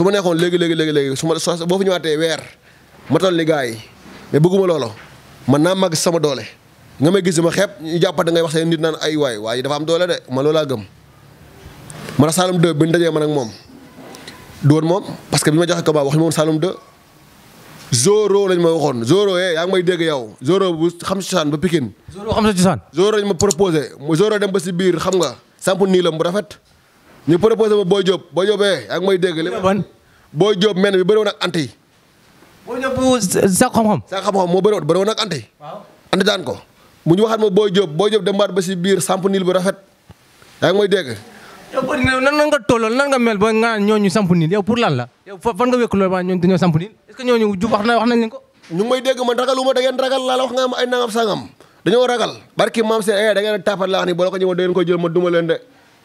su ma neexoon léegi léegi léegi léegi su ma boo fi ñëwaatee weer ma toll ni gars yi mais bëgguma loolu man naa màgg sama doole nga may gis ma xeeb ñu jàppante ngay wax seen nit naan ay waay waaye dafa am doole de man gëm. man a Saloum 2 bi ñu dajee moom du moom parce que bi ma joxe combat wax ñu moom Saloum 2 Zoro lañ ma waxoon Zoro eh yaa ngi may dégg yow Zoro bu xam sa cosaan ba Pikine. Zoro xam sa cosaan. Zoro lañ ma proposé Zoro dem ba si biir xam nga samp nii la bu rafet. ñu proposé ba Boy Diop Boy Diop eh ak may dégg li ma. Boy Diop men bi bëri woon ak anti. Boy Diop sa xam-xam. sa xam moo bëri woon bëri woon ak anti. waaw anti daan ko. bu ñu waxaat ma Boy Diop Boy Diop demaat ba si biir samp niil bu rafet yaa ngi may dégg. yow nan nan nga tolloon nan nga mel ba nga ñooñu samp niil yow pour lan la. yow fan nga wékk loolu ba ñooñu dañoo samp niil est-ce ko. ñu ngi dégg man ragaluma da ragal laa la wax nga am ay nangam sangam dañoo ragal. barki maam seen ay eh, da ngeen a ma duma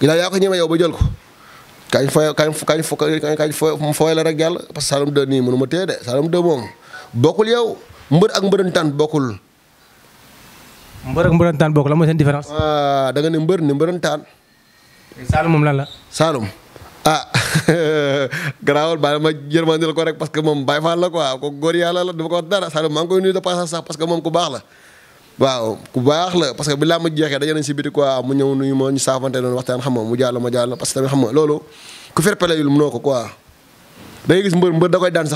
ginnaaw yaa ko ñemee yow ba jël ko kañ fooy la rek yàlla parce que Saloum 2 nii mënu ma téye de Saloum 2 moom bokkul yow mbër ak mbërëntaan bokkul. mbër ak mbërëntaan bokkul la mooy seen différence. ah da nga mbër ni mbërëntaan. Saloum moom lan la. Saloum ah garaawal bàyyi ma jërmandil ko rek parce que moom Baye Fall la quoi ko góor yàlla la dama ko dara Saloum maa ngi koy nuyu de passage sax parce moom ku baax la. waaw ku baax la parce que bi laa ma jeexee daje nañ si biti quoi mu ñëw nuyu ma ñu saafante noonu waxtaan xam nga mu jàll ma jàll parce que tamit xam nga loolu ko quoi da ngay gis mbër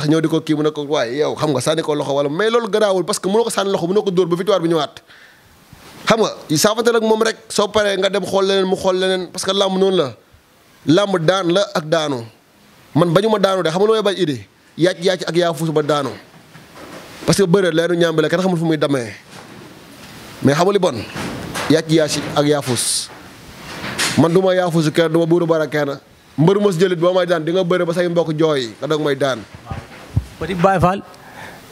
ñëw di ko kii mu ne ko waaye yow xam nga sànni ko loxo wala mais loolu garaawul parce que mënoo ko ko dóor ba victoire nga saafante nag moom rek soo paree nga dem xool leneen mu xool leneen que làmb noonu la làmb daan la ak daanu man bañu ma daanu de xam nga lu may bañ idée yaac yaac ak yaa fuus ba daanu parce que bëre leenu ñaambile kenn xamul fu muy damee mais xamali bon yàcc yaasi ak yaafus man du ma yaafusu kenn du ma buuru bara kenn mbëru mos jëlit boo may daan di nga bëri ba say mbokk jooy nga doog may daan. Petit Baye Fall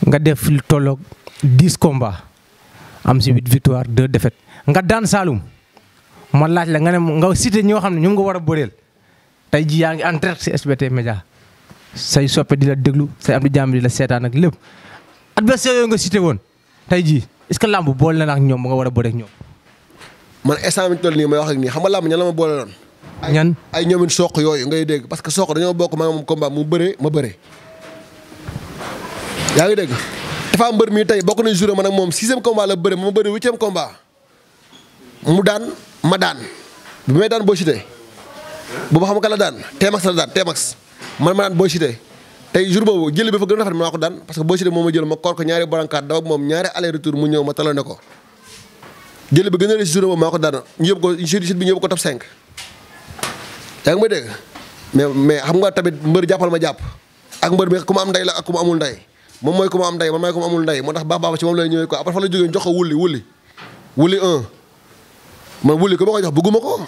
nga def lu tolloog dix am si huit victoire deux défaites nga daan saalum man laaj la nga ne nga cité ñoo xam ne ñoom nga war a bëreel tey jii yaa ngi en direct si SBT Média say soppe di la déglu say am di jàmm di la seetaan ak lépp adversaire yooyu nga cité woon tey jii. est-ce que làmb boole na ak ñoom ba nga war a bëre ak ñoom. man instant bi nii may wax ak nii xam ma boole doon. ñan ay ñoomin soq yooyu ngay dégg parce que soq dañoo bokk maanaam combat mu bëree ma bëree. yaa ngi dégg dafa mbër mi tey bokk nañ jour man ak moom sixième combat la bëre ma bëri huitième combat mu daan ma daan bi may daan boo cité boobu xam nga la daan Tmax la daan Tmax man ma daan boo cité tey jour boobu jël bi fa gën a rafet maa ko daan parce que boo si dee moom ma jël ma koor ko ñaari barankaat daw moom ñaari aller retour mu ñëw ma talone ko jël bi gën a rëy si ko daan ñu yóbbu bi ñu ko top 5. yaa ngi may dégg mais mais xam nga tamit mbër jàppal ma jàpp ak mbër mi ku ma am ndey la ku ma amul ndey moom mooy ku ma am ndey man ma amul ndey moo tax baax baax ci moom lay ñëwee quoi après fa la jógee jox ko wulli wulli wulli man wulli ko ma koy jox bëgguma ko.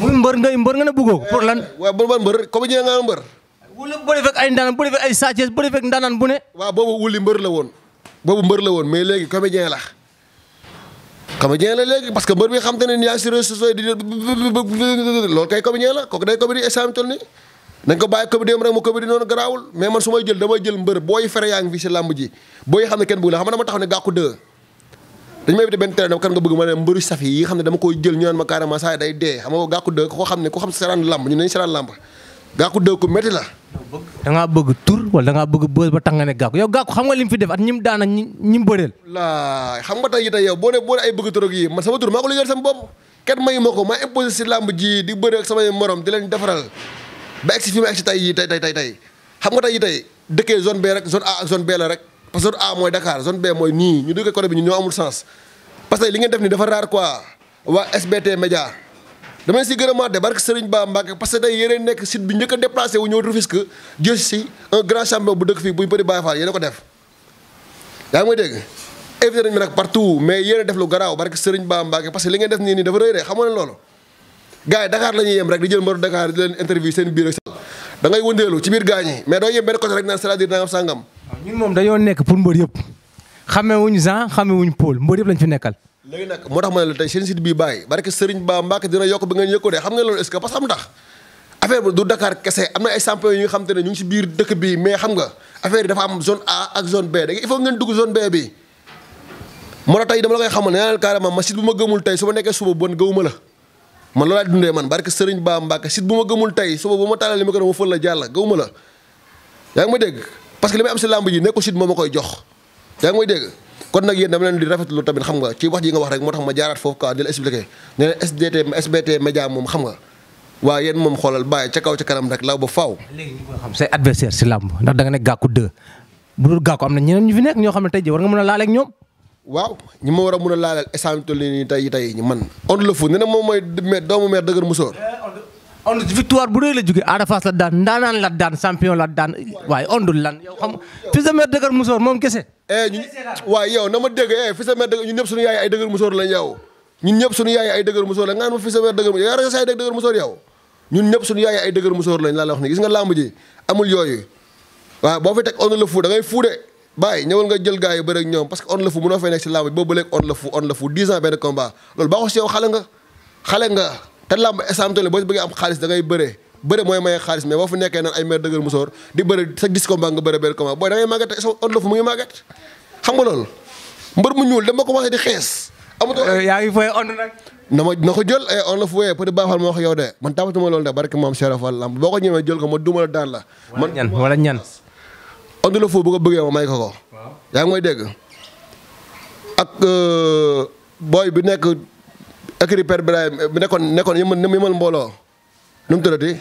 muy mbër ndey mbër nga ne bëggoo ko pour lan. Eh, waaw mbër mbër comme ñëwee nga mbër wala bëri fekk ay ndaanaan bëri fekk ay sàccees bëri fekk ndaanaan bu ne. waaw boobu wuli mbër la woon boobu mbër la woon mais léegi comédien la comédien la léegi parce que mbër xam te ne la kooku ko bàyyi comédie am rek mu comédie noonu garaawul mais man su may jël damay jël mbër booy fere yaa xam ne kenn bëgg bëgg ma ne mbëru saf yi nga xam ne dama koy jël ñu naan ma carrément saa day dee xam nga gàkku dë ko xam ne ko xam saraan làmb ñu nañ saraan làmb gàkku dëw ku la. da bëgg tur wala da ngaa bëgg bës ba tax nga ne gàkku yow gàkku xam nga li mu fi def at ñi mu daana ñi bëreel. laay xam nga tey jii tey yow boo nee boo nee ay bëgg tur ak yii sama tur maa ko liggéeyal sama bopp kenn mayu ko maa imposé si làmb ji di bëre ak samay morom di leen defaral ba egsi fi ma egsi tey yii tey tey tey tey xam nga tey jii tey dëkkee zone B rek zone A ak zone B la rek parce que zone A mooy Dakar zone B mooy nii ñu li ngeen def ni dafa raar quoi waa SBT Média damay si gërëmaat de barke Serigne Ba Mbacke parce que day yéen nekk site bi njëkk a déplacé wu ñëw Rufisque jël si un grand champion bu dëkk fii bu bëri Baye Fall yéen a ko def. yaa ngi dégg éviter nañ ma nag partout mais yéen a def lu garaaw barke Serigne Ba Mbacke parce que li ngeen def nii nii dafa rëy rek xam nga loolu. gars yi Dakar yem rek di jël mbaru Dakar di leen interview seen biir ak da ngay wëndeelu ci biir gaañ mais doo yem benn côté rek naan moom dañoo nekk pour mbër yëpp xamewuñ genre xamewuñ pôle mbër fi nekkal léegi nag moo tax ma ne la tey seen site bii bàyyi barke Serigne Ba Mbacke dina yokk bi ngeen yëg de xam nga loolu est-ce que nga ne ñu ngi si biir dëkk bi mais xam nga affaire yi dafa am A ak zone B da il faut ngeen dama la koy xamal nee naa ma site bu ma gëmul su ma nekkee suba bon gëwuma la man loolaay dundee man barke Serigne Ba ma gëmul tey suba bu ma tàllal li ma ko la jàll gëwuma la yaa ngi ma dégg parce que li may am si làmb ji nekkul site moo ma koy jox yaa ngi may dégg kon nag yéen dama leen di rafetlu tamit xam nga ci wax ji nga wax rek moo tax ma jaaraat foofu quoi di expliqué ne SBT média moom xam nga waaw yéen moom xoolal bàyyi ca kaw ca kanam rek law ba faaw. léegi ñu ko xam say adversaire si làmb ndax da nga ne gàkku deux bu dul gàkku am na ñeneen ñu fi nekk ñoo xam ne tey ji war nga mën a laaleeg ñoom. waaw ñi ma war a mën a laaleel échantillon yi nii tey tey man. on le fou ne ne moom mooy doomu meer dëgër musóor Onde victoire bu rëy la jógee Ada Fass la daan ndaanaan la daan champion la daan waaye Onde lan yow xam fils musoor moom kese. Eh, waaye yow na ma dégg eh fils de mère dëgër ñun ñëpp suñu yaay ay dëgër musoor lañ yow ñun ñëpp suñu yaay ay dëgër musoor lañ nga ma fils de mère dëgër musoor yaa ñun ñëpp suñu yaay ay dëgër musoor lañ laa la wax ni gis nga làmb amul yooyu waaw boo fi teg Onde le fou da ngay de bàyyi ñëwal nga yi bëri ak parce que Onde le fou mënoo fay nekk si làmb nga te làmb instant bi boo si bëggee am xaalis da ngay bëree bëre mooy maye xaalis mais boo fu nekkee naan ay mer dëgër musóor di bëre sa gis combat nga bëre benn mu ngi dama commencé di xees. amatoo euh, ngi fooy na ma ko jël ay eh, on la fu wee peut être baaxal ma wax yow de man tàmbatuma loolu de barke man ñan wala ñan. ond la fu bu ko may ko ko. waaw yaa ngi may dégg ak euh, booy bi nekk. écurie Père Birahim bi eh, nekkoon nekkoon yëmal yëmal mbooloo nu mu tuddati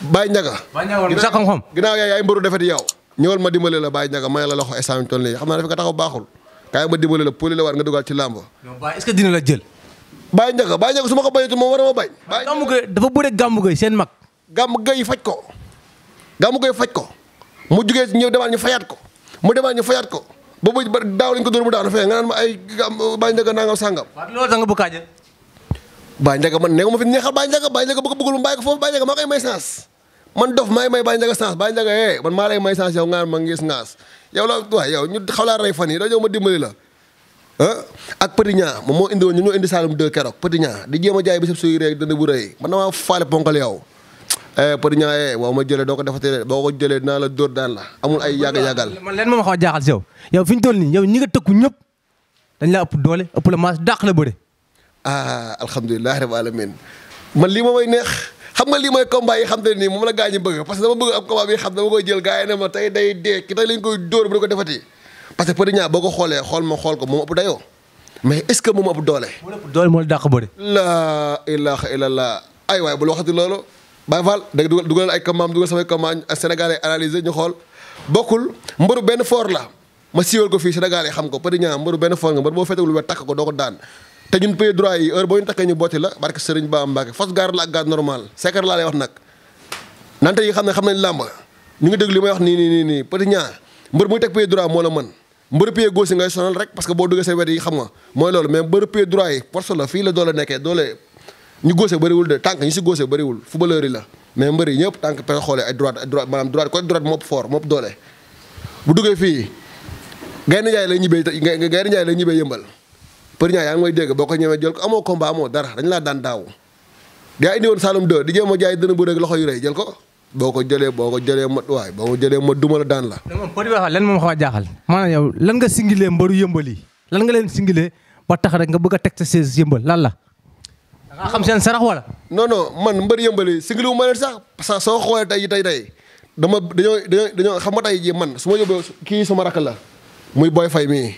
Baye Ndiaga. Baye xam-xam ginnaaw yaay yaay mbëru defati yow. ñëwal ma dimbali la Baye Ndiaga la loxo instant bi nga ma dimbali la poli la war nga dugal ci làmb. non Baye est-ce que dina la jël. Baye Ndiaga Baye Ndiaga ko a ko Gàmmu ko mu jugee ñëw demaat ñu ko mu demaat ñu fayaat ko bu daaw lañ ko dóor mu daanu fee nga ma ay Baye Ndiaga nangam sàngam. waaw loolu da nga bëgg a jël Baye Ndiaga man ne ma fi neexal Baye Ndiaga Baye Ndiaga bëgg bëggul mu bàyyi maa koy may chance man dof maay may Baye Ndiaga chance Baye Ndiaga eh man maa ma ngis ngaas la waay yow ñu xaw ma dimbali moom moo indi woon indi Saloum 2 keroog Petit a jaay bisab suy rek dana bu rëy man damaa faale ponkal yow eh, Petit Niang eh doo ko defatee boo ko jëlee dinaa la dóor daan la amul ay yàgg-yàggal man leen moom xaw jaaxal si yow yow fi ñu toll nii yow ñi nga tëkku ñëpp dañ la ëpp doole ëpp la maas dàq la bëre ah alhamdulilah rabbil alamin man lii moom mooy neex xam nga lii mooy combat yi xam te nii moom la gaa ñi bëgg parce que dama bëgg am combat bi xam ko defati parce que Petit Niang boo ko xoolee xool ma xool ko moom ëpp dayoo mais est ce que moom ëpp doole. moo ëpp doole la dàq bëri. laa ilaha illallah ay waay bu la waxati loolu Baye Fall dugal dugal ay combat dugal samay combat Sénégal ay ñu xool bokkul mbëru benn foor la ma siiwal ko fii Sénégal yi xam ko Petit Niang mbëru benn foor nga mbër boo fetegul wet takk ko doo ko daan te ñun paye droit yi heure boo ñu takkee ñu booti la barke Sëriñ Ba Mbacke fas gaar la ak gaar normal seekar laa lay wax nag nante yi xam ne xam nañ làmb ñu ngi dégg li may wax nii nii nii nii petit ñaa mbër muy teg paye droit moo la mën mbër paye que boo duggee sa wet yi xam nga mooy loolu mais mbër paye droit yi force la fii la doole nekkee doole ñu gauche bëriwul de tànk ñu si gauche bëriwul footballeur yi la mais mbër yi ñëpp tànk pexe xoolee ay droite ay droite maanaam droite côté droite mopp doole bu duggee fii gaynde njaay lay ñibbee gaynde njaay lay ñibbee yëmbal Petit Niang yaa ngi may dégg boo ko ñemee jël ko amoo combat amoo dara dañ laa daan daaw yaa indi woon Saloum 2 di jéem a jaay dëna bu rek loxo yu rëy jël ko boo ko jëlee boo ko jëlee ma waay boo ko jëlee ma duma la daan la Petit Niang lan moom xaw a jaaxal maanaam yow lan nga singilee mbaru yëmbal yi lan nga leen singilee ba tax rek nga bëgg teg sa sées yëmbal lan la dangaa xam seen sarax wala non non man mbër yëmbal yi singile ma leen sax parce que soo xoolee tey dama dañoo dañoo dañoo xam nga tay jii man su ma yóbbee kii sama rakk la muy boy fay mii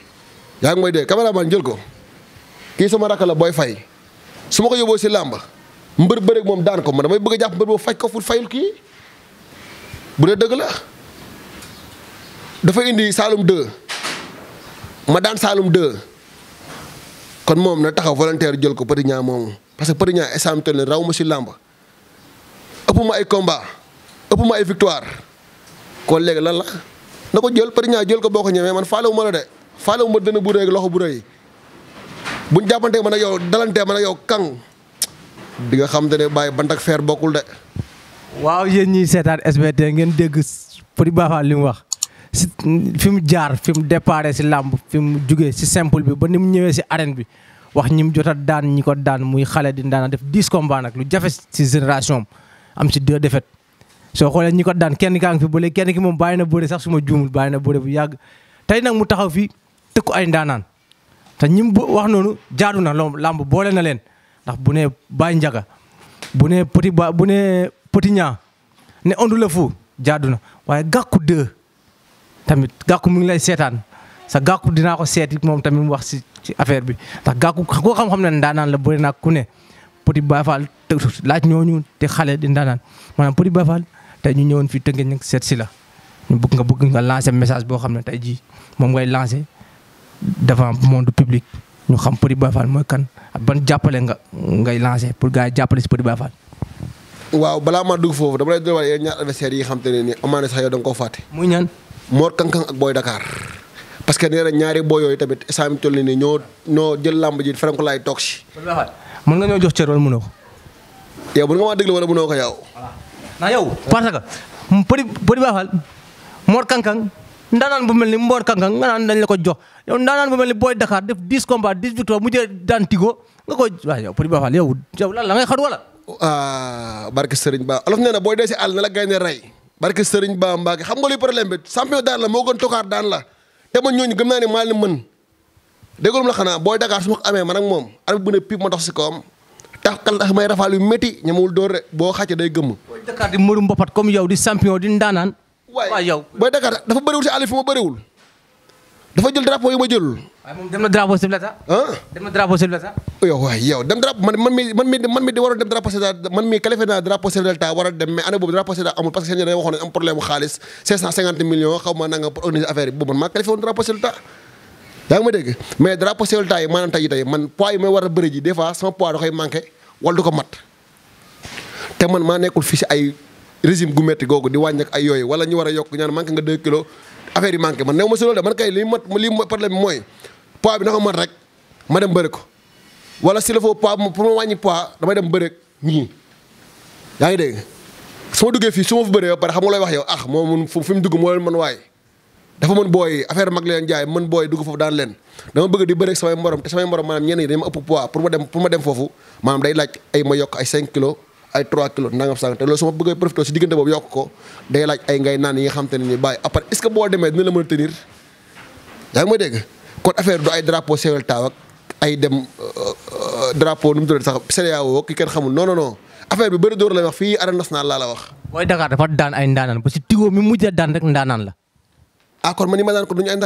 yaa ngi may dégg caméraman jël ko kii sama rakk la booy fay su ma ko yóbboo si làmb mbër bëreeg moom daan ko ma damay bëgg a jàpp mbër boo faj ko fu fayul kii bu dee dëgg la dafa indi Saloum 2 ma daan Saloum 2 kon moom na taxaw volontaire jël ko Petit Niang moomu parce que Petit Niang instant nii raw ma si làmb ëpp ay combat ëpp ay victoire kon léegi lan la na ko jël Petit Niang jël ko boo ko ñemee man faalewu ma la de faalewu ma dënn bu rëy loxo bu rëy. buñ jàppantee man ak yow dalantee man a yow kaŋ di nga xam te ne bàyyi bant ak fer bokkul de. waaw yéen ñi seetaan SBT ngeen dégg Petit Ba Fall li mu wax fi mu jaar fi mu déparé si làmb fi mu jugee si simple bi ba ni mu ñëwee si arène bi wax ñi mu jot daan ñi ko daan muy xale di daan def 10 combats lu jafe si génération am si deux defet soo xoolee ñi ko daan kenn kaa ngi fi bële kenn ki moom bàyyi na bëre sax su ma juumul bàyyi na bëre bu yàgg tey nag mu taxaw fi tëkku ay ndaanaan. te ñi wax noonu jaadu na loolu làmb boole na leen ndax bu nee Baye Ndiaga bu ne Petit Ba bu ne Petit ñaa ne Onde la Fou jaadu na waaye gàkku deux tamit gàkku mu ngi lay seetaan sa gàkku dinaa ko seet moom tamit wax si ci affaire bi ndax gàkku koo xam-xam ne ndaanaan la bëri naa ku ne Petit Baye Fall te laaj ñooñu te xale di ndaanaan maanaam Petit Baye Fall te ñu ñëwoon fii tënkee ñu seet si la ñu bëgg nga bëgg nga lancer message boo xam ne tey jii moom ngay lancer. devant monde public ñu xam Petit Baye Fall mooy kan ak ban jàppale nga ngay lancé pour gars yi jàppale si Petit Baye Fall. waaw balaa maa dugg foofu dama lay doon wax yéen ñaar adversaires yi xam te ne nii amaana sax yow da koo fàtte. muy ñaan Mor Kankan ak Boy Dakar. parce que nee na ñaari booy yooyu tamit saa mi toll nii ñoo jël làmb ji faram ko laay toog si. mën nga ñoo jox cër wala mënoo ko. yow mën nga maa déglu wala mënoo ko yow. parce que Petit Baye Fall Mor ndaanaan bu mel ni Mbour Kangkang nga naan dañ la ko jox yow ndaanaan bu mel ni Boy Dakar def 10 combats 10 victoire mu jël daan Tigo nga ko yow Petit Ba Fall yow la ngay xat wala. Ah, barke Serigne Ba olof booy dee si la xam nga luy problème bi champion daan la moo gën tokaar daan la te man ñooñu gëm naa ne maa leen mën déggulum la xanaa Boy Dakar su ma amee man ak moom ar bu ne ma dox si kawam. tax kal tax may rafaal yu métti ñamawul door boo xàccee day gëmm. Boy Dakar di mbëru mbopat comme di champion di waaye yow booy Dakar dafa bëriwul si àll fi ma bëriwul. dafa jël drapeau yi ma jëlul. waaye moom dem na drapeau chef de l'État. dem na drapeau chef de l'État. yow waay dem drapeau man man mii man mii di waroon dem drapeau chef man mii qualifié naa drapeau chef de a xaw ma nangam pour affaire boobu man maa qualifié woon drapeau chef de l'État. ma dégg mais drapeau chef yi maanaam tey tey man poids yi may war a bëri ji des fois sama poids da koy manqué wala du ko mat te man maa nekkul fii si ay régime gu métti googu di wàññi ak ay yooyu wala ñu war a yokk ñaan manqué nga 2 kilos affaire yi manqué man new ma si loolu de man kay li mat li ma dem pour ma wàññi poids damay dem bëri ñii yaa ngi dégg su ma duggee fii su ma fi bëree ba wax yow ah moo mun fi mu dugg moo leen mën waaye dafa booy affaire mag leen jaay booy dugg foofu daan leen dama bëgg di bëreeg samay morom te samay morom maanaam ñenn ñi dañ ma ëpp poids pour ma day laaj ay ma yokk ay 5 kilos ay 3 kilos nangam sàng te loolu su ma bëggee profité si diggante boobu yokk ko day laaj ay ngay naan yi nga xam te ne nii bàyyi après est ce a tenir dégg kon affaire ay drapeau sewel dem euh, drapeau nu mu tuddati sax CEDEAO ki kenn xamul non non non affaire bëri dóor la wax fii arène nationale laa la wax. mooy Dakar dafa daan ay ndaanaan parce que Tigo mi daan rek ndaanaan la. ah kon man ni ma daan ko du ñu ay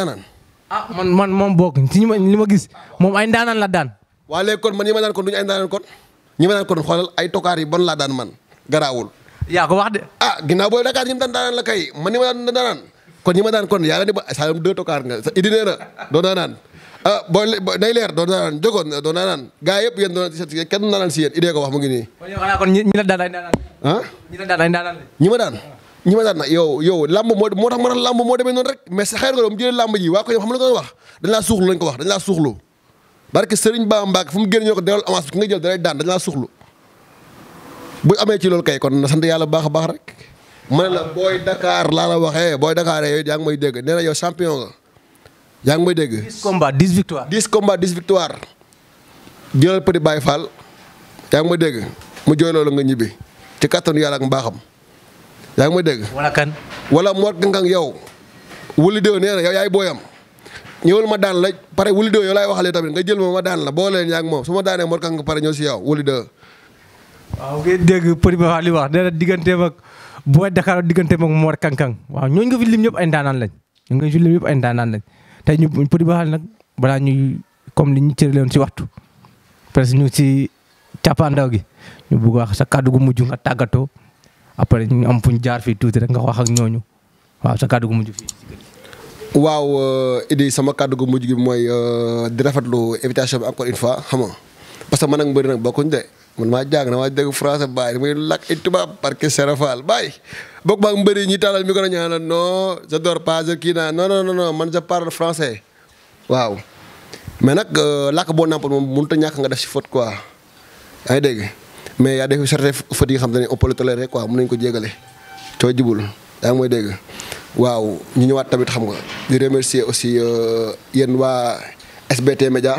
ah, man man moom bokk ci ñi ma gis moom ay ndaanaan la daan. waa léegi kon man ni ma daan ko du ñu ay ndaanaan kon. ñi ma naan kon xoolal ay tokaar yi bon laa daan man garaawul. yaa ko wax de. ah ginnaaw booy Dakar ñi mu daan ma kon ñi daan kon yaa la ni ba Saloum nga doon naa naan si yéen kenn ko wax mu ngi nii. kon yow xanaa kon ñi la daan ay daan ah ñi daan ay daan ñi ma daan. ñi ma yow yow lamb moo tax ma tax lamb moo demee noonu rek mais sa xëy ko doon mu jëlee ji waa ko yow xam nga ko wax dañ laa suuxlu lañ ko wax dañ laa suuxlu barke Serigne baa mbaak fu mu génn ñoo ko delloo avance bi ki nga jël dalay daan dañ laa suxlu bu amee ci loolu kay kon na sant yàlla baax a baax rek. ma ne la booy Dakar laa la waxee booy Dakar yooyu yaa ngi may dégg nee na yow nga yaa ngi may dégg. 10 combats 10 victoires. 10 combats 10 victoires jëlal Petit Baye Fall yaa mu jooy loolu nga ñibbi ci kattanu yàlla ak mbaaxam yaa ngi ma dégg. wala kan. wala Mor Kangang yow wuli déw nee yaay booyam. ñëwal ma daan la pare wuli doo yow laay waxale tamit nga jël ma ma daan la boo leen yaa ngi moom su ma daanee Mor Kang pare ñëw si yow wuli waaw ngay dégg Petit Papa li wax nee na digganteem ak Boy Dakar digganteem ak waaw ñooñu nga fi ñëpp ay ndaanaan lañ ñooñu nga fi lim ñëpp ay ndaanaan lañ tey ñu Petit Papa nag balaa ñuy comme li ñu cërale woon si waxtu presque ñu si càppaandaw gi ñu bugg wax sa kàddu gu mujj nga tàggatoo après ñu am fu ñu jaar fii tuuti rek nga wax ak ñooñu waaw sa kàddu gu mujj fii waaw euh, Idi sama kàddu gu mujj gi mooy euh, di rafetlu invitation bi encore une fois xam nga parce que man ak mbëri nag bokkuñ de man maa jàng na maa dégg français bàyyi muy làkk tubaab parce que Serafal bàyyi bokk maa mbëri ñi tàllal micro ñu naan non je dors pas je kii naa non non non man je parle français waaw. mais nag euh, làkk boo nàmpal moom mënut a ñàkk nga def si faute quoi yaa ngi dégg mais yaa def certaines fautes yi xam te ne on peut le tolérer quoi mën nañu ko jégale coo jubul yaa ngi mooy dégg. waaw ñu ñëwaat tamit xam nga di remercier aussi euh, yenn waa SBT Média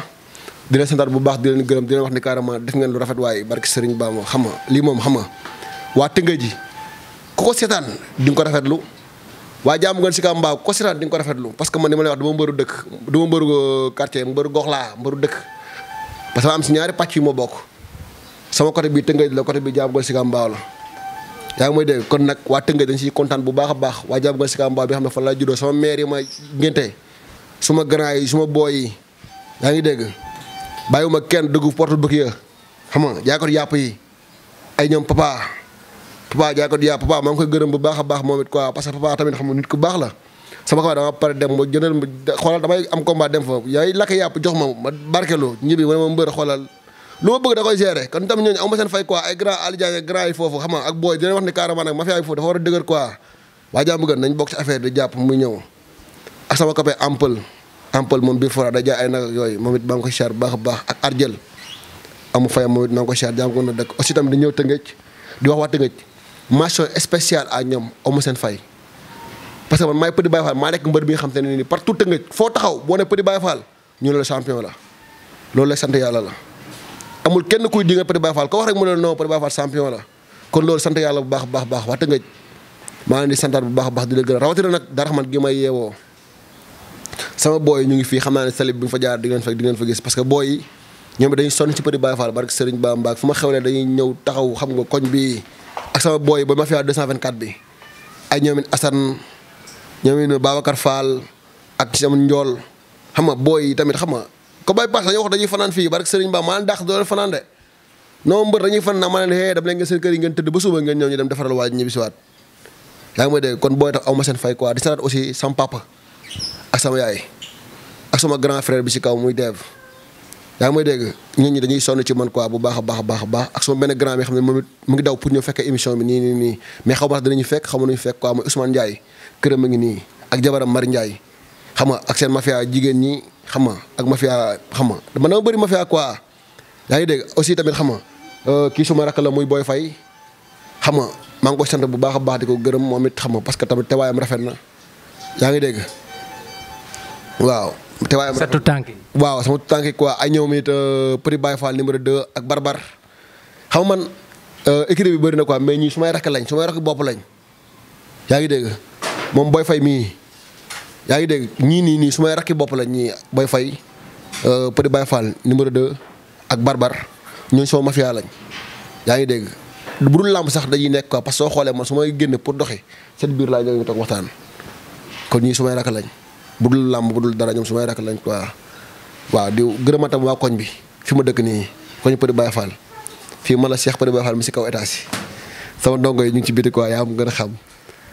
di leen santaat bu baax di leen gërëm dina wax ni carrément def ngeen lu rafet waaye barki Serigne Bamba xam nga lii moom xam nga waa Tëngéej ji ku ko seetaan di nga ko rafetlu waa jàmm ngeen si ka mbaaw ku ko seetaan di nga ko rafetlu parce que man ni ma lay wax dama mbëru dëkk dama mbëru euh, quartier mbëru gox laa mbëru dëkk parce que ma am si ñaari pàcc yu ma bokk sama côté bi Tëngéej la côté bi jàmm si ka yaa ngi may dégg kon nag waa Tëngéej dañ siy kontaan bu baax a baax waa jàpp nga Sicap Mbao bi xam ne fan laa juddoo sama maire yi ma ngénte suma grand yi suma booy yi yaa ngi dégg bàyyiwuma kenn dëggu porte bëgg ya xam nga jaay ko yi ay ñoom papa papa jaay ko yàpp papa maa ngi koy gërëm bu baax a baax moom it quoi parce que papa tamit xam nga nit ku baax la sama kaw dama pare dem ma jëndal ma xoolal damay am combat dem fa yaay lakk yàpp jox ma ma barkelu ñibbi ma ne ma mbër xoolal lu ma bëgg da koy gérer kon tamit ñooñu amu ma seen fay quoi ay grand Ali Diagne ak grand yi foofu xam nga ak booy dina wax ne carrément nag mafia yi foofu dafa war a dëgër quoi waa jàmm gën nañ bokk ci affaire di jàpp muy ñëw ak sama copain Ampel Ampel moom biir fora da jaay ay nag yooyu moom it maa ngi ko char baax a baax ak Arjel amu fayam moom it maa ko char jàmm gën na dëkk aussi tamit di ñëw Tëngéej di wax waa Tëngéej mention spéciale à ñoom amu seen fay parce que man maay Petit Baye maa nekk mbër bi nga xam te ne nii partout Tëngéej foo taxaw boo ne Petit Baye Fall ñu loolu lay sant yàlla la amul kenn kuy di nga Petit ko wax rek mu ne non Petit Baye Fall champion la kon loolu sant yàlla bu baax baax baax wax dëgg maa ngi di santaat bu baax baax di la gën a rawatina nag dara man gi may yeewoo sama booy ñu ngi fii xam naa ne salib bi nga fa jaar di ngeen fa di ngeen fa gis parce que booy yi ñoom dañuy sonn ci Petit Baye Fall barke Serigne Bamba fu ma xewlee dañuy ñëw taxaw xam nga koñ bi ak sama booy ba ma fi 224 bi ay ñoom it Assane ñoom it Babacar Fall ak sama njool xam nga booy yi tamit xam nga ko bay pass dañoo wax dañuy fanaan fii barke Serigne Ba maa ndax doo leen fanaan de non mbër dañuy fan naa ma leen hee dama leen ngeen ngeen tëdd ba suba ngeen ñëw ñu dem kon booy tax aw ma seen fay quoi di salaat aussi sama papa ak sama bi si kaw muy deev yaa ngi dégg ñun ñi dañuy sonn ci man quoi bu baax baax a baax baax ak sama benn grand bi xam ne moom it mu ngi daw pour ñu fekkee émission bi nii nii nii mais xaw ma danañu fekk xaw ma nañu fekk quoi muy Ousmane Ndiaye këram a ngi nii ak jabaram Mari Ndiaye xam nga ak seen mafia jigéen ñi xam nga ak mafia xam nga man dama bëri mafia quoi yaa ngi dégg aussi tamit xam nga euh, kii suma rakk la muy Boy Faye xam nga maa ngi bu baax a baax di ko gërëm moom it xam nga parce que tamit tewaayam rafet na yaa ngi dégg waaw. tewaayam rafet na tànk waaw sama tànk quoi ay ñoom it euh, Petit Baye Fall numéro 2 ak Barbar xam man euh, écrit bi bëri na quoi mais ñii su may rakk lañ su may rakk bopp lañ yaa ngi dégg moom booy fay mii. yaa ngi dégg ñii nii nii su may rakki bopp la ñii Boy Faye euh, Petit Baye Fall numéro 2 ak Barbar ñooñu sama mafia lañ yaa ngi dégg bu dul làmb sax dañuy nekk quoi parce que soo xoolee man su may génne pour doxi seen biir laa ñëw ñu toog waxtaan kon ñii su may rakk lañ bu dul làmb bu dul dara ñoom su may rakk lañ quoi waaw di gërëmatam waa koñ bi fi ma dëkk nii koñ Petit Baye Fall fii man la Cheikh Petit Baye Fall mi si kaw étage si sama ndongo yi ñu ngi ci biti quoi yaa am a xam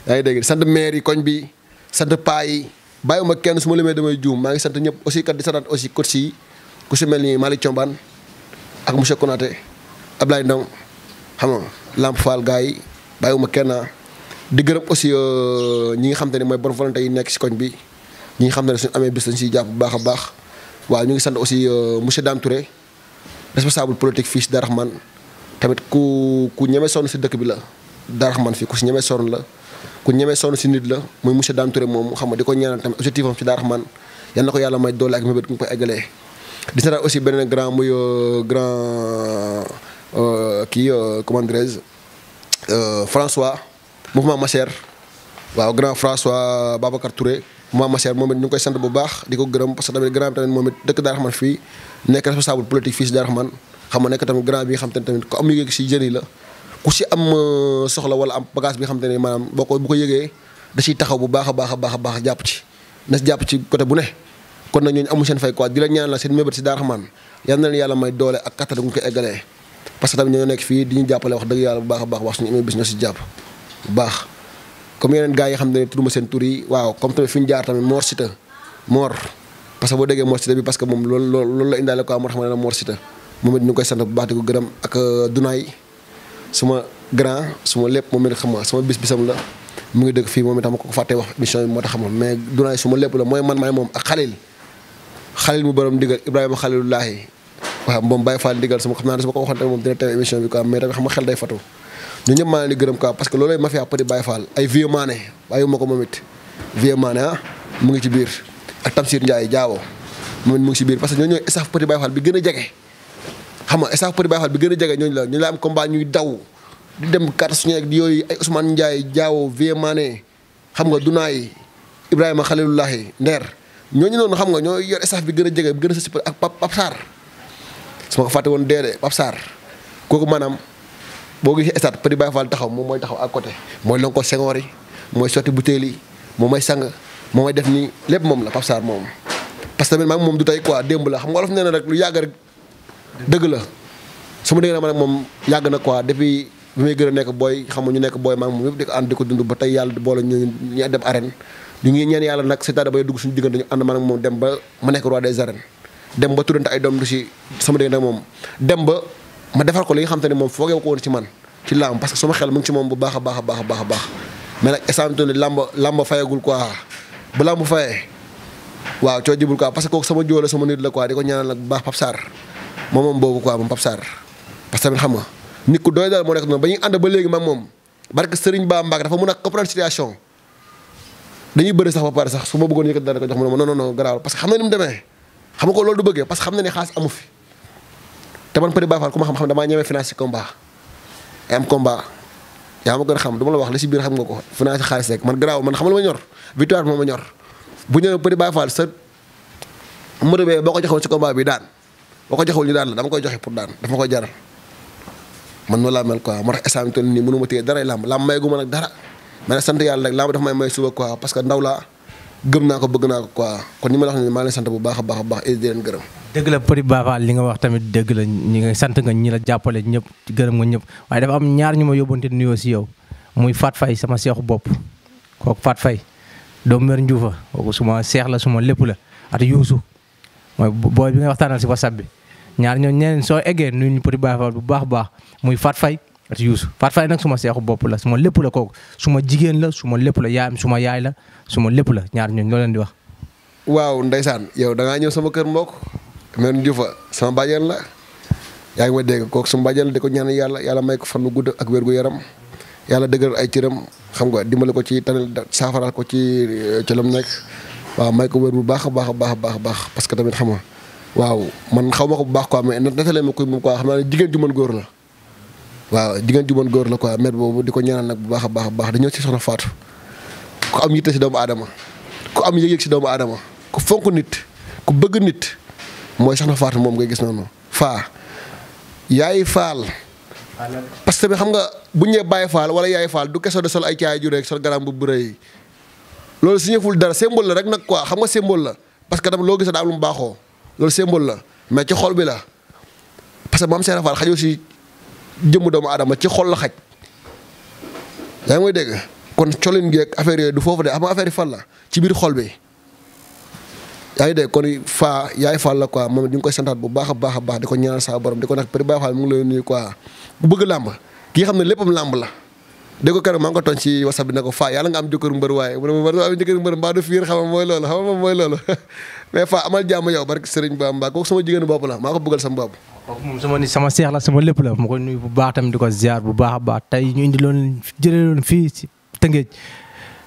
yaa ngi dégg sant maire yi koñ bi yi bàyyiwuma kenn su ma limee damay juum maa ngi sant ñëpp aussi kat di santaat aussi ku si mel nii Malick Thiombane ak monsieur Konaté Ablaye Ndong xam nga Lamp Fall gars yi bàyyiwuma kenn ah. di gërëm aussi euh, ñi nga xam te ne mooy bonne volonté yi nekk si koñ bi ñi nga xam te ne suñu amee bis dañ si jàpp bu baax a baax waaw ñu ngi sant aussi euh, monsieur Dame Touré responsable politique fii si man tamit ku ku ñeme sonn si dëkk bi la Darahmane fii ku si ñeme sonn la. ku ñemee sonn si nit la muy monsieur Dame Touré moom xam nga di ko ñaanal tamit objectif am si Darou Rahmane na ko yàlla may doole ak mébét ku koy di seetaan aussi beneen grand muy euh, euh, kii euh, comment dirais François mouvement Macher waaw grand François Babacar Touré mouvement bu baax di ko gërëm parce que tamit grand bi tamit moom it dëkk Darou Rahmane fii nekk responsable politique fii si Darou Rahmane xam nga nekk tamit grand bi xam te ne tamit ku am yëg si jeunes la. ku si am euh, soxla wala am bagage bi xam te ne maanaam boo ko bu ko yëgee da si taxaw bu baax a baax a baax baax jàpp ci na jàpp ci côté bu ne kon nag ñooñu amul seen fay quoi di la seen mébét si Darou Rahmane yal na leen yàlla may doole ñu jàppale wax dëgg yàlla bu baax a baax wax suñu émi bis ñoo si xam ne turuma seen tur yi waaw comme tamit fi ñu jaar tamit Mor Sita Mor parce que boo déggee Mor Sita di ko gërëm ak euh, Dunaay suma grand suma lépp moom it xam bis bisam la mu ngi dëkk fii moom itam ma ko fàttee wax émission bi moo tax xamul mais Dunaay suma lépp la mooy man maay moom ak xalil xalil bu borom ndigal Ibrahima xalilullaahi waaw moom Baye Fall ndigal sama xam naa ne su ma ko waxoon tamit moom dina teew émission bi quoi mais xam nga xel day fatu ñu ñëpp maa ngi leen di loolu ma fi petit Baye Fall ay vieux maane bàyyi ma ko moom it vieux ah, mu ngi ci biir ak Tamsir Ndiaye Diawo moom it mu ngi ci biir parce que ñoo ñooy staff petit Baye bi gën a jege xam nga instant Petit Baye bi gën a jege ñooñu la ñu la am combat ñuy daw di dem carte suñu ak yooyu ay Ousmane Ndiaye Diawo Vieux xam nga Dunaay Ibrahima Khalilullahi Nder ñooñu noonu xam nga ñoo yor staff bi gën a jege bi gën a sësi ak Pap Pap Sarr su ma ko fàtte woon deedee Pap Sarr kooku maanaam boo gisee stade Petit Baye taxaw moom mooy taxaw ak côté mooy lonko sengoor yi mooy sotti butéel yi moom mooy sang moom mooy def nii lépp moom la Pap moom parce que tamit moom du tey quoi démb la xam nga wolof nee rek lu yàgg rek dëgg la su ma déggee ma moom yàgg na quoi depuis bi may gën a nekk booy xam ñu nekk booy maa ngi moom yëpp ko dund ba tey yàlla boole ñu ñu dem arène ñu ngi ñaan yàlla nag c'est-à-dire dugg suñu diggante ñu ànd ma nag dem ba ma nekk roi des arènes dem ba tuddante ay doom du si sama déggee nag moom dem ba ma defar ko li nga xam te ne moom foogee ko woon ci man ci làmb parce que sama xel mu ngi ci moom bu baax a baax a baax a baax a baax mais nag essentiel làmb làmb fayagul quoi bu làmb fayee waaw coo jibul quoi parce que kooku sama jóola sama nit la quoi di ko ñaanal nag bu baax Pape Sarr moom moom boobu quoi moom xam nga nit ku doy daal moo nekk noonu ba ñuy ànd ba léegi maag moom barke Serigne Ba Mbacke dafa mën a comprendre situation dañuy bëri sax sax su ma bëggoon yëkkati dara ko jox ma non non non garaaw parce que xam na ni mu demee xam xam na ne xaalis amu fi te man Petit Baye Fall ku ma xam-xam la wax li si biir xam nga ko financé xaalis rek man garaaw man xam la ma ñor victoire bi moo ma ñor bu ñëwee Petit Baye Fall sa mërëbee boo ko joxoon si combat bi daan boo ko joxewul ñu daan la dama koy joxe pour daan dafa koy jaral man noonu laa mel quoi ma tax instant bi ma téye daray làmb làmb may ma nag dara mais nag sant yàlla rek làmb dafa may may suba quoi parce que ndaw laa gëm naa ko bëgg naa ko quoi kon ñi ma la wax ne maa sant bu baax a baax a baax et di gërëm. dëgg la Petit Baye Fall li nga wax tamit dëgg la ñi nga sant nga ñi la jàppale ñëpp gërëm nga ñëpp waaye dafa am ñaar ñu ma yóbbante nuyoo si yow muy Fat Faye sama seexu bopp kooku Fat Faye doomu mer Ndioufa su suma seex la suma lépp la at Youssou mooy booy bi nga waxtaanal si WhatsApp bi ñaar ñoo ñeneen soo eggee nuñ Petit Baye Fall bu baax baax muy Fat Faye ak Youssou Fat Faye suma seexu bopp la suma lépp la kooku suma jigéen la suma lépp la yaayam suma yaay la suma lépp la ñaar ñooñu loo leen di wax. waaw ndeysaan yow da ñëw sama kër mbokk men Diouf sama bàjjen la yaa ngi ma dégg kook suma bàjjen la di ko ñaan yàlla yàlla may ko fanu gudd ak wér gu yaram yàlla dëgëral ay cëram xam nga dimbali ko ci tanal saafaraal ko ci eh, ci lam nekk waaw may ko wér bu baax a baax a baax a baax parce que tamit xam nga waaw man xaw ma ko bu baax quoi ma ko moom quoi xam naa ne jigéen ju mën góor la. waaw jigéen ju mën góor la quoi met boobu di ko ñaanal nag bu baax a baax a baax dañoo ci soxna am yitte si doomu aadama ku am yëg-yëg si doomu adama ku fonk nit ku bëgg nit mooy soxna Fatou moom ngay gis noonu faa yaay faal. parce que xam nga bu ñu nee bàyyi faal wala yaay faal du kese de sol ay caay ju rek sol garam bu bu rëy loolu signiful dara symbole la rek nag ko xam nga symbole la parce que tam loo gis daa am mu baaxoo loolu symbole la mais ci xol bi la parce que maam Cheikh Fall xajul si jëmm doomu adama ci xol la xaj yaa ngi may kon colin gi ak du foofu de xam nga yi fan la ci biir xol bi yaa ngi dégg kon faa yaay Fall la quoi moom ñu ngi koy santaat bu baax a baax a baax di ko ñaanal saa borom di ko nag Père Baye Fall mu ngi lay nuyu quoi bu bëgg làmb ki nga xam ne léppam làmb la. dégg ko keroog maa nga am jëkkër mbër waaye mbaa du fiir xam mooy loolu mais Fa amal jàmm yow barke Sëriñ sama jigéenu bopp la maa ko bëggal sama bopp kooku moom sama ni sama seex la sama lépp ko nuyu bu baax tamit di ko ziar bu baax a baax tey ñu indi loon jëlee loon fii ci Tëngéej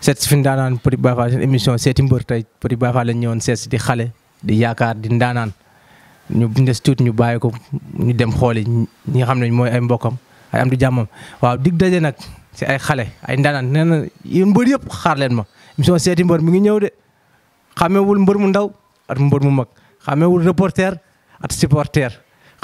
seet si fi ndaanaan Petit Baye Fall seen émission seeti mbër tey Petit Baye Fall lañ ñëwoon seet si di xale di yaakaar di ndaanaan ñu des tuuti ñu bàyyi ko ñu dem xooli ñi nga xam ne mooy ay mbokkam ay am du jàmmam waaw dig daje nag si ay xale ay ndanaan nee na yéen mbër yëpp xaar leen ma émission seeti mbër mu ngi ñëw de xamewul mbër mu ndaw at mbër mu mag xamewul reporter at supporter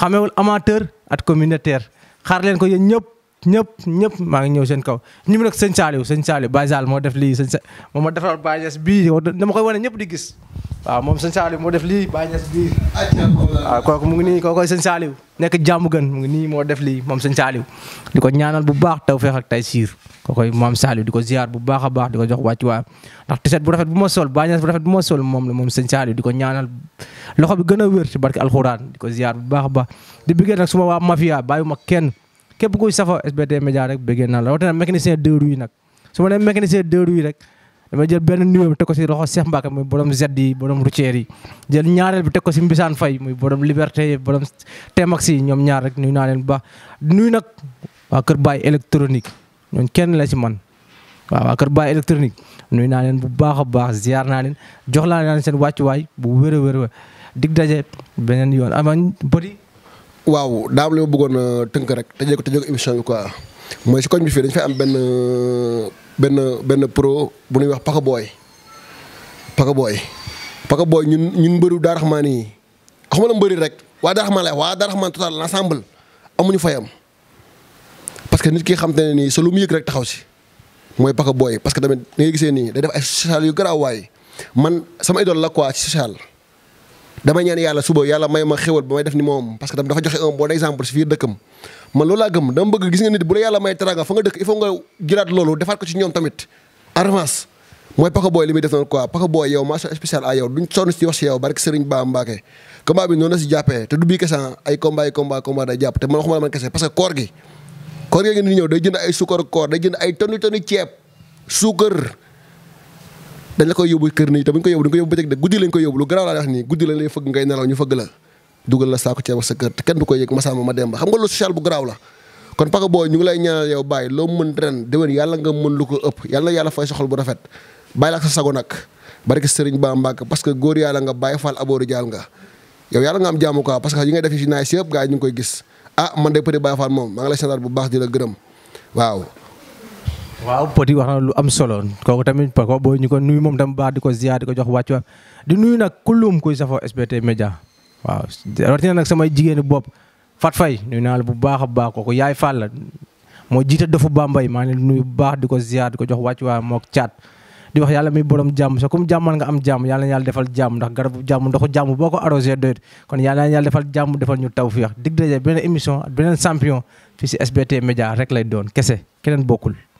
xamewul amateur at communautaire xarleen ko yen ñëpp ñëpp ñëpp maa ngi ñëw seen kaw ñu mu nag sëñ Saliou sëñ Saliou Baye Sall moo def lii sëñ Saliou moom ma defal Baye moom sëñ Saliou moo def lii Baye Niass bii waaw kooku mu ngi nii kookoy sëñ Saliou nekk jàmm mu ngi nii moo def lii moom sëñ Saliou di ko ñaanal bu baax taw feex ak tay siir kookoy moom Saliou di ko ziar bu baax a baax di ko jox wàccu waayam ndax tiset bu rafet bu ma sol Baye Niass bu rafet bu ma sol moom la moom sëñ Saliou di ko ñaanal loxo bi gën a wér ci barke alxuraan di ko ziar bu baax a baax di bëggee nag suma waa mafia bàyyiwuma kenn képp kuy safa SBT Média rek bëggee naa la rawatina mécanicien deux roues yi nag su ma nee mécanicien deux roues yi rek dama jël benn nuyoo bi teg ko si loxo Cheikh Mbacke muy borom Z yi borom routier jël ñaareel bi teg ko si Mbisaan Faye muy borom Liberté borom Temax yi ñoom ñaar rek nuyu naa leen bu baax nuyu nag waa Kër baay électronique ñoom kenn la si man waaw waa Kër Baye électronique nuy naa leen bu baax a baax ziar naa leen jox laa leen seen wàccuwaay bu wér a wér dig daje beneen yoon aman bëri waaw daaw li ma bëggoon euh, tënk rek tëjee ko tëjee ko émission bi quoi mooy si koñ bi fii dañu fay am benn euh, benn benn pro bu ñuy wax Paka Boy Paka Boy Paka Boy ñun ñun mbëru Darou Rahmane yi xam la mbëri rek waa Darou Rahmane la waa Darou Rahmane total l'ensemble amuñu fayam parce que nit ki xam te ne nii sa lu mu yëg rek taxaw si mooy Paka booy parce que tamit ngay gisee nii day def ay social yu garaaw waay man sama idole la quoi ci social. damay ñaan yàlla suba yàlla may ma xéwal ba may def ni moom parce que dam dafa joxe un bon exemple si fii dëkkam man loolu gëm dama bëgg gis nga nit bu la yàlla may teraanga fa nga dëkk il faut nga jëlaat loolu defaat ko ci ñoom tamit armas mooy Paka Boy li muy def noonu quoi Paka Boy yow mention spéciale à yow duñ sonn si wax si yow barke Serigne Ba noonu si jàppee te du bii kese ah, ay combat yi combat combat day jàpp te man waxuma la man kese parce koor gi koor gi ngi ñëw day jënd ay suukar koor day jënd ay tonni dañ la koy yóbbu kër nii te buñ ko yóbbu dañ ko yóbbu bëccëg de guddi lañ koy yóbbu lu garaaw laa wax nii guddi lañ lay fëgg ngay nelaw ñu fëgg la dugal la saako ceeb sa kër te kenn du ko yëg Massamba Mademba xam nga lu social bu garaaw la kon Paka Boy ñu ngi lay ñaanal yow Baye loo mën ren déwén yàlla nga mën lu ko ëpp yàlla yàlla fay soxal bu rafet bàyyi la sa sago nag barke Sëriñ Ba Mbàkke parce que góor yàlla nga Baye Fall ah, de Petit Baye Fall moom maa ngi lay santaat bu baax di la waaw Poti wax na lu am solo kooku tamit Paco booy ñu ko nuyu moom tam baax di ko ziar di ko jox wa di nuyu nag kullum kuy safoo SBT Média waaw rawatina nag samay jigéenu bopp Fat Faye nuyu naa la bu baax a baax ko Yaay Fall la moo jiite dofu Bambey maa ngi nuyu bu baax di ko ziar di ko jox wàccu waa mook caat di wax yàlla mi borom jàmm sa comme jàmmal nga am jàmm yàlla na yàlla defal jàmm ndax garabu jàmm ndoxu jàmm boo ko arrosé doyut kon yàlla na yàlla defal jàmm defal ñu taw fi wax dig daje beneen émission ak beneen champion fii si SBT Média rek lay doon kese keneen bokkul